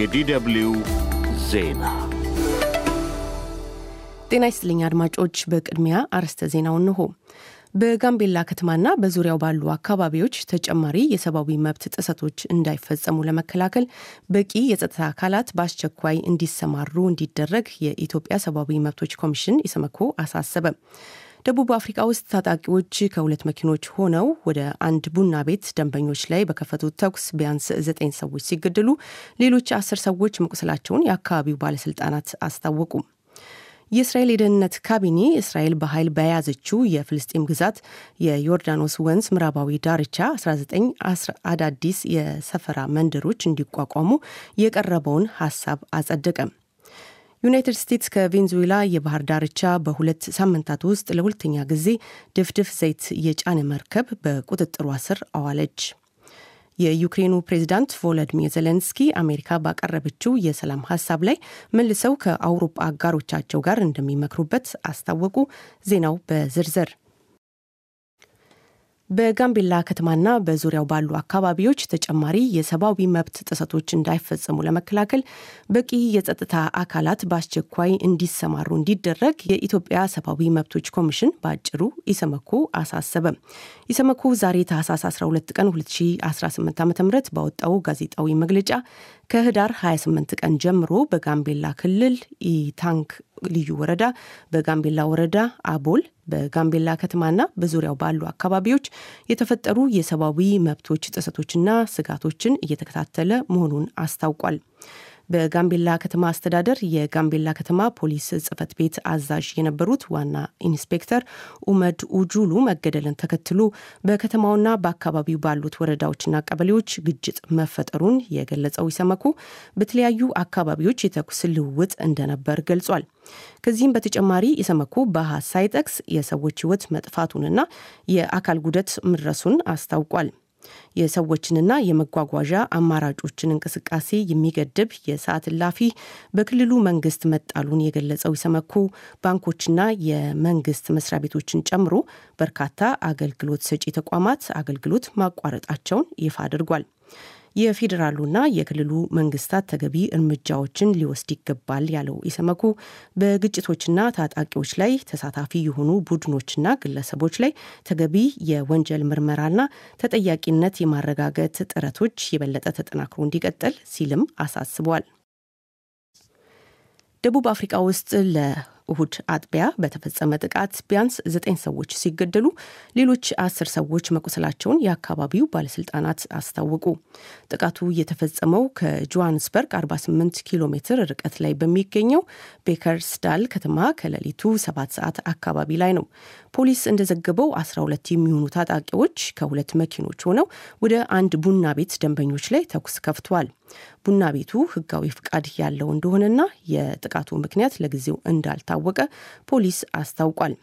የዲደብልዩ ዜና ጤና ይስጥልኝ አድማጮች። በቅድሚያ አርስተ ዜናው እንሆ። በጋምቤላ ከተማና በዙሪያው ባሉ አካባቢዎች ተጨማሪ የሰብአዊ መብት ጥሰቶች እንዳይፈጸሙ ለመከላከል በቂ የጸጥታ አካላት በአስቸኳይ እንዲሰማሩ እንዲደረግ የኢትዮጵያ ሰብአዊ መብቶች ኮሚሽን ኢሰመኮ አሳሰበ። ደቡብ አፍሪካ ውስጥ ታጣቂዎች ከሁለት መኪኖች ሆነው ወደ አንድ ቡና ቤት ደንበኞች ላይ በከፈቱት ተኩስ ቢያንስ ዘጠኝ ሰዎች ሲገደሉ ሌሎች አስር ሰዎች መቁሰላቸውን የአካባቢው ባለስልጣናት አስታወቁ። የእስራኤል የደህንነት ካቢኔ እስራኤል በኃይል በያዘችው የፍልስጤም ግዛት የዮርዳኖስ ወንዝ ምዕራባዊ ዳርቻ 19 አዳዲስ የሰፈራ መንደሮች እንዲቋቋሙ የቀረበውን ሀሳብ አጸደቀም። ዩናይትድ ስቴትስ ከቬንዙዌላ የባህር ዳርቻ በሁለት ሳምንታት ውስጥ ለሁለተኛ ጊዜ ድፍድፍ ዘይት የጫነ መርከብ በቁጥጥሯ ስር አዋለች። የዩክሬኑ ፕሬዝዳንት ቮሎዲሚር ዜሌንስኪ አሜሪካ ባቀረበችው የሰላም ሀሳብ ላይ መልሰው ከአውሮፓ አጋሮቻቸው ጋር እንደሚመክሩበት አስታወቁ። ዜናው በዝርዝር በጋምቤላ ከተማና በዙሪያው ባሉ አካባቢዎች ተጨማሪ የሰብአዊ መብት ጥሰቶች እንዳይፈጸሙ ለመከላከል በቂ የጸጥታ አካላት በአስቸኳይ እንዲሰማሩ እንዲደረግ የኢትዮጵያ ሰብአዊ መብቶች ኮሚሽን በአጭሩ ኢሰመኮ አሳሰበ ኢሰመኮ ዛሬ ታሳስ 12 ቀን 2018 ዓ ም ባወጣው ጋዜጣዊ መግለጫ ከህዳር 28 ቀን ጀምሮ በጋምቤላ ክልል ኢታንክ ልዩ ወረዳ፣ በጋምቤላ ወረዳ አቦል በጋምቤላ ከተማና በዙሪያው ባሉ አካባቢዎች የተፈጠሩ የሰብአዊ መብቶች ጥሰቶችና ስጋቶችን እየተከታተለ መሆኑን አስታውቋል። በጋምቤላ ከተማ አስተዳደር የጋምቤላ ከተማ ፖሊስ ጽፈት ቤት አዛዥ የነበሩት ዋና ኢንስፔክተር ኡመድ ኡጁሉ መገደልን ተከትሎ በከተማውና በአካባቢው ባሉት ወረዳዎችና ቀበሌዎች ግጭት መፈጠሩን የገለጸው ይሰመኩ በተለያዩ አካባቢዎች የተኩስ ልውውጥ እንደነበር ገልጿል። ከዚህም በተጨማሪ ኢሰመኮ በሀሳይ ጠቅስ የሰዎች ህይወት መጥፋቱንና የአካል ጉደት ምድረሱን አስታውቋል። የሰዎችንና የመጓጓዣ አማራጮችን እንቅስቃሴ የሚገድብ የሰዓት ላፊ በክልሉ መንግስት መጣሉን የገለጸው ይሰመኩ ባንኮችና የመንግስት መስሪያ ቤቶችን ጨምሮ በርካታ አገልግሎት ሰጪ ተቋማት አገልግሎት ማቋረጣቸውን ይፋ አድርጓል። የፌዴራሉና የክልሉ መንግስታት ተገቢ እርምጃዎችን ሊወስድ ይገባል ያለው ኢሰመኮ በግጭቶችና ታጣቂዎች ላይ ተሳታፊ የሆኑ ቡድኖችና ግለሰቦች ላይ ተገቢ የወንጀል ምርመራና ተጠያቂነት የማረጋገጥ ጥረቶች የበለጠ ተጠናክሮ እንዲቀጥል ሲልም አሳስቧል። ደቡብ አፍሪካ ውስጥ ለ እሁድ አጥቢያ በተፈጸመ ጥቃት ቢያንስ ዘጠኝ ሰዎች ሲገደሉ ሌሎች አስር ሰዎች መቁሰላቸውን የአካባቢው ባለስልጣናት አስታወቁ። ጥቃቱ የተፈጸመው ከጆሃንስበርግ 48 ኪሎ ሜትር ርቀት ላይ በሚገኘው ቤከርስዳል ከተማ ከሌሊቱ 7 ሰዓት አካባቢ ላይ ነው። ፖሊስ እንደዘገበው 12 የሚሆኑ ታጣቂዎች ከሁለት መኪኖች ሆነው ወደ አንድ ቡና ቤት ደንበኞች ላይ ተኩስ ከፍቷል። ቡና ቤቱ ህጋዊ ፍቃድ ያለው እንደሆነና የጥቃቱ ምክንያት ለጊዜው እንዳልታወቀ ፖሊስ አስታውቋል።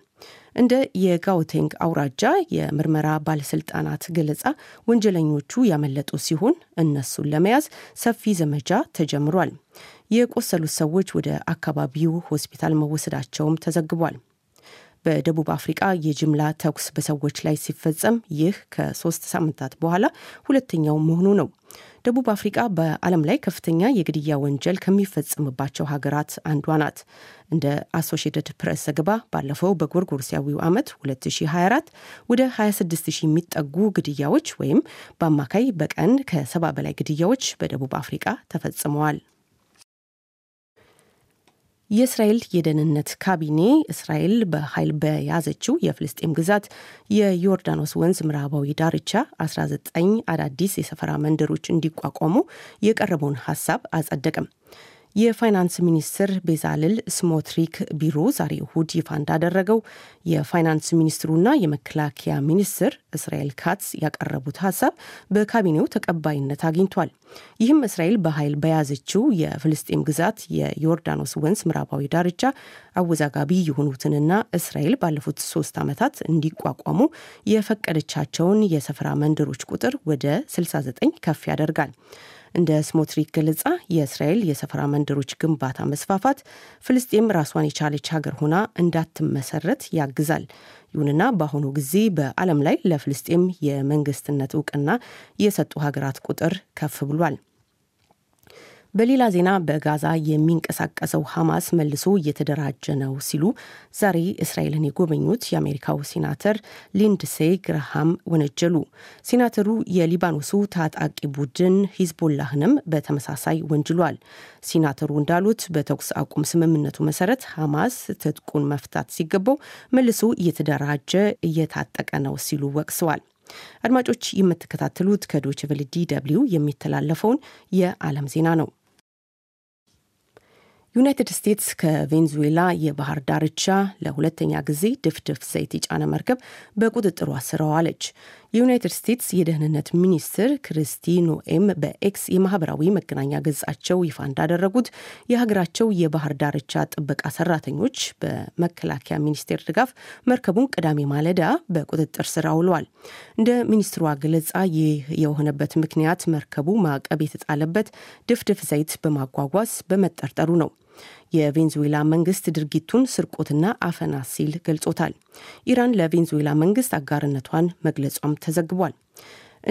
እንደ የጋውቴንግ አውራጃ የምርመራ ባለስልጣናት ገለጻ ወንጀለኞቹ ያመለጡ ሲሆን እነሱን ለመያዝ ሰፊ ዘመቻ ተጀምሯል። የቆሰሉት ሰዎች ወደ አካባቢው ሆስፒታል መወሰዳቸውም ተዘግቧል። በደቡብ አፍሪቃ የጅምላ ተኩስ በሰዎች ላይ ሲፈጸም ይህ ከሶስት ሳምንታት በኋላ ሁለተኛው መሆኑ ነው። ደቡብ አፍሪቃ በዓለም ላይ ከፍተኛ የግድያ ወንጀል ከሚፈጽምባቸው ሀገራት አንዷ ናት። እንደ አሶሽትድ ፕሬስ ዘገባ ባለፈው በጎርጎርሲያዊው ዓመት 2024 ወደ 26000 የሚጠጉ ግድያዎች ወይም በአማካይ በቀን ከሰባ በላይ ግድያዎች በደቡብ አፍሪቃ ተፈጽመዋል። የእስራኤል የደህንነት ካቢኔ እስራኤል በኃይል በያዘችው የፍልስጤም ግዛት የዮርዳኖስ ወንዝ ምዕራባዊ ዳርቻ 19 አዳዲስ የሰፈራ መንደሮች እንዲቋቋሙ የቀረበውን ሀሳብ አጸደቀም። የፋይናንስ ሚኒስትር ቤዛልል ስሞትሪክ ቢሮ ዛሬ እሁድ ይፋ እንዳደረገው የፋይናንስ ሚኒስትሩና የመከላከያ ሚኒስትር እስራኤል ካትስ ያቀረቡት ሀሳብ በካቢኔው ተቀባይነት አግኝቷል። ይህም እስራኤል በኃይል በያዘችው የፍልስጤም ግዛት የዮርዳኖስ ወንዝ ምዕራባዊ ዳርቻ አወዛጋቢ የሆኑትንና እስራኤል ባለፉት ሶስት ዓመታት እንዲቋቋሙ የፈቀደቻቸውን የሰፈራ መንደሮች ቁጥር ወደ 69 ከፍ ያደርጋል። እንደ ስሞትሪክ ገለጻ የእስራኤል የሰፈራ መንደሮች ግንባታ መስፋፋት ፍልስጤም ራሷን የቻለች ሀገር ሆና እንዳትመሰረት ያግዛል። ይሁንና በአሁኑ ጊዜ በአለም ላይ ለፍልስጤም የመንግስትነት እውቅና የሰጡ ሀገራት ቁጥር ከፍ ብሏል። በሌላ ዜና በጋዛ የሚንቀሳቀሰው ሐማስ መልሶ እየተደራጀ ነው ሲሉ ዛሬ እስራኤልን የጎበኙት የአሜሪካው ሴናተር ሊንድሴ ግርሃም ወነጀሉ። ሴናተሩ የሊባኖሱ ታጣቂ ቡድን ሂዝቦላህንም በተመሳሳይ ወንጅሏል። ሴናተሩ እንዳሉት በተኩስ አቁም ስምምነቱ መሰረት ሐማስ ትጥቁን መፍታት ሲገባው መልሶ እየተደራጀ እየታጠቀ ነው ሲሉ ወቅሰዋል። አድማጮች የምትከታተሉት ከዶችቨል ዲ ደብልዩ የሚተላለፈውን የዓለም ዜና ነው። ዩናይትድ ስቴትስ ከቬንዙዌላ የባህር ዳርቻ ለሁለተኛ ጊዜ ድፍድፍ ዘይት የጫነ መርከብ በቁጥጥሯ አስረዋለች የዩናይትድ ስቴትስ የደህንነት ሚኒስትር ክርስቲ ኖኤም በኤክስ የማህበራዊ መገናኛ ገጻቸው ይፋ እንዳደረጉት የሀገራቸው የባህር ዳርቻ ጥበቃ ሰራተኞች በመከላከያ ሚኒስቴር ድጋፍ መርከቡን ቅዳሜ ማለዳ በቁጥጥር ስር አውለዋል። እንደ ሚኒስትሯ ገለጻ ይህ የሆነበት ምክንያት መርከቡ ማዕቀብ የተጣለበት ድፍድፍ ዘይት በማጓጓዝ በመጠርጠሩ ነው። የቬንዙዌላ መንግስት ድርጊቱን ስርቆትና አፈና ሲል ገልጾታል። ኢራን ለቬንዙዌላ መንግስት አጋርነቷን መግለጿም ተዘግቧል።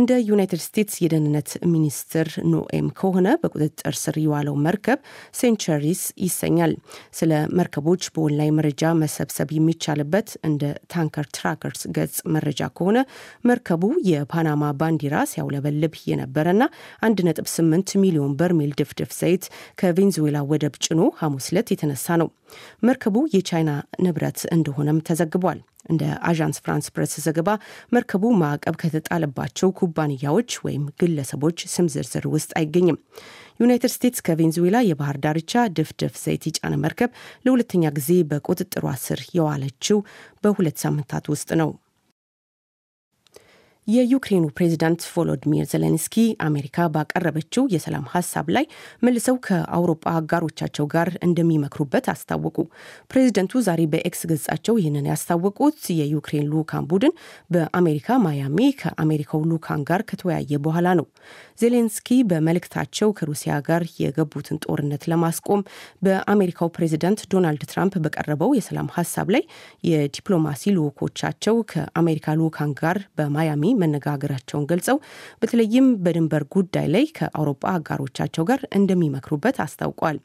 እንደ ዩናይትድ ስቴትስ የደህንነት ሚኒስትር ኖኤም ከሆነ በቁጥጥር ስር የዋለው መርከብ ሴንቸሪስ ይሰኛል። ስለ መርከቦች በኦንላይን መረጃ መሰብሰብ የሚቻልበት እንደ ታንከር ትራከርስ ገጽ መረጃ ከሆነ መርከቡ የፓናማ ባንዲራ ሲያውለበልብ የነበረ ና 1.8 ሚሊዮን በርሜል ድፍድፍ ዘይት ከቬንዙዌላ ወደብ ጭኖ ሐሙስ ለት የተነሳ ነው። መርከቡ የቻይና ንብረት እንደሆነም ተዘግቧል። እንደ አዣንስ ፍራንስ ፕረስ ዘገባ መርከቡ ማዕቀብ ከተጣለባቸው ኩባንያዎች ወይም ግለሰቦች ስም ዝርዝር ውስጥ አይገኝም። ዩናይትድ ስቴትስ ከቬንዙዌላ የባህር ዳርቻ ድፍድፍ ዘይት የጫነ መርከብ ለሁለተኛ ጊዜ በቁጥጥሯ ስር የዋለችው በሁለት ሳምንታት ውስጥ ነው። የዩክሬኑ ፕሬዚዳንት ቮሎዲሚር ዘለንስኪ አሜሪካ ባቀረበችው የሰላም ሀሳብ ላይ መልሰው ከአውሮፓ አጋሮቻቸው ጋር እንደሚመክሩበት አስታወቁ። ፕሬዚደንቱ ዛሬ በኤክስ ገጻቸው ይህንን ያስታወቁት የዩክሬን ልዑካን ቡድን በአሜሪካ ማያሚ ከአሜሪካው ልዑካን ጋር ከተወያየ በኋላ ነው። ዜሌንስኪ በመልእክታቸው ከሩሲያ ጋር የገቡትን ጦርነት ለማስቆም በአሜሪካው ፕሬዚደንት ዶናልድ ትራምፕ በቀረበው የሰላም ሀሳብ ላይ የዲፕሎማሲ ልኮቻቸው ከአሜሪካ ልዑካን ጋር በማያሚ መነጋገራቸውን ገልጸው በተለይም በድንበር ጉዳይ ላይ ከአውሮፓ አጋሮቻቸው ጋር እንደሚመክሩበት አስታውቋል።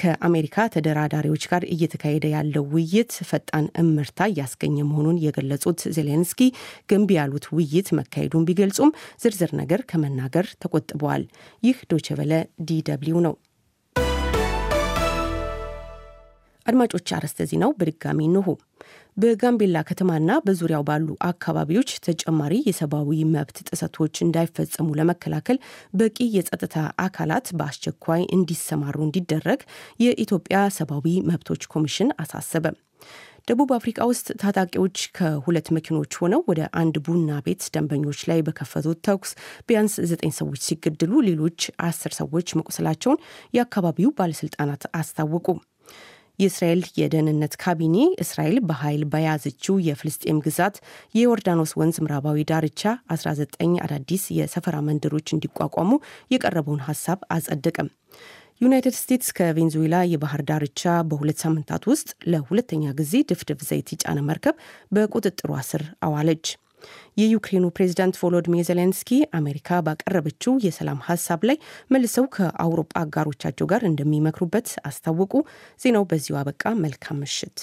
ከአሜሪካ ተደራዳሪዎች ጋር እየተካሄደ ያለው ውይይት ፈጣን እምርታ እያስገኘ መሆኑን የገለጹት ዜሌንስኪ ገንቢ ያሉት ውይይት መካሄዱን ቢገልጹም ዝርዝር ነገር ከመናገር ተቆጥበዋል። ይህ ዶቸበለ ዲw ነው። አድማጮች አርዕስተ ዜናው በድጋሚ እንሆ። በጋምቤላ ከተማና በዙሪያው ባሉ አካባቢዎች ተጨማሪ የሰብአዊ መብት ጥሰቶች እንዳይፈጸሙ ለመከላከል በቂ የጸጥታ አካላት በአስቸኳይ እንዲሰማሩ እንዲደረግ የኢትዮጵያ ሰብአዊ መብቶች ኮሚሽን አሳሰበ። ደቡብ አፍሪካ ውስጥ ታጣቂዎች ከሁለት መኪኖች ሆነው ወደ አንድ ቡና ቤት ደንበኞች ላይ በከፈቱት ተኩስ ቢያንስ ዘጠኝ ሰዎች ሲገደሉ ሌሎች አስር ሰዎች መቁሰላቸውን የአካባቢው ባለስልጣናት አስታወቁ። የእስራኤል የደህንነት ካቢኔ እስራኤል በኃይል በያዘችው የፍልስጤም ግዛት የዮርዳኖስ ወንዝ ምዕራባዊ ዳርቻ 19 አዳዲስ የሰፈራ መንደሮች እንዲቋቋሙ የቀረበውን ሀሳብ አጸደቀም። ዩናይትድ ስቴትስ ከቬንዙዌላ የባህር ዳርቻ በሁለት ሳምንታት ውስጥ ለሁለተኛ ጊዜ ድፍድፍ ዘይት የጫነ መርከብ በቁጥጥሯ ስር አዋለች። የዩክሬኑ ፕሬዚዳንት ቮሎዲሚር ዜሌንስኪ አሜሪካ ባቀረበችው የሰላም ሀሳብ ላይ መልሰው ከአውሮፓ አጋሮቻቸው ጋር እንደሚመክሩበት አስታወቁ። ዜናው በዚሁ አበቃ። መልካም ምሽት።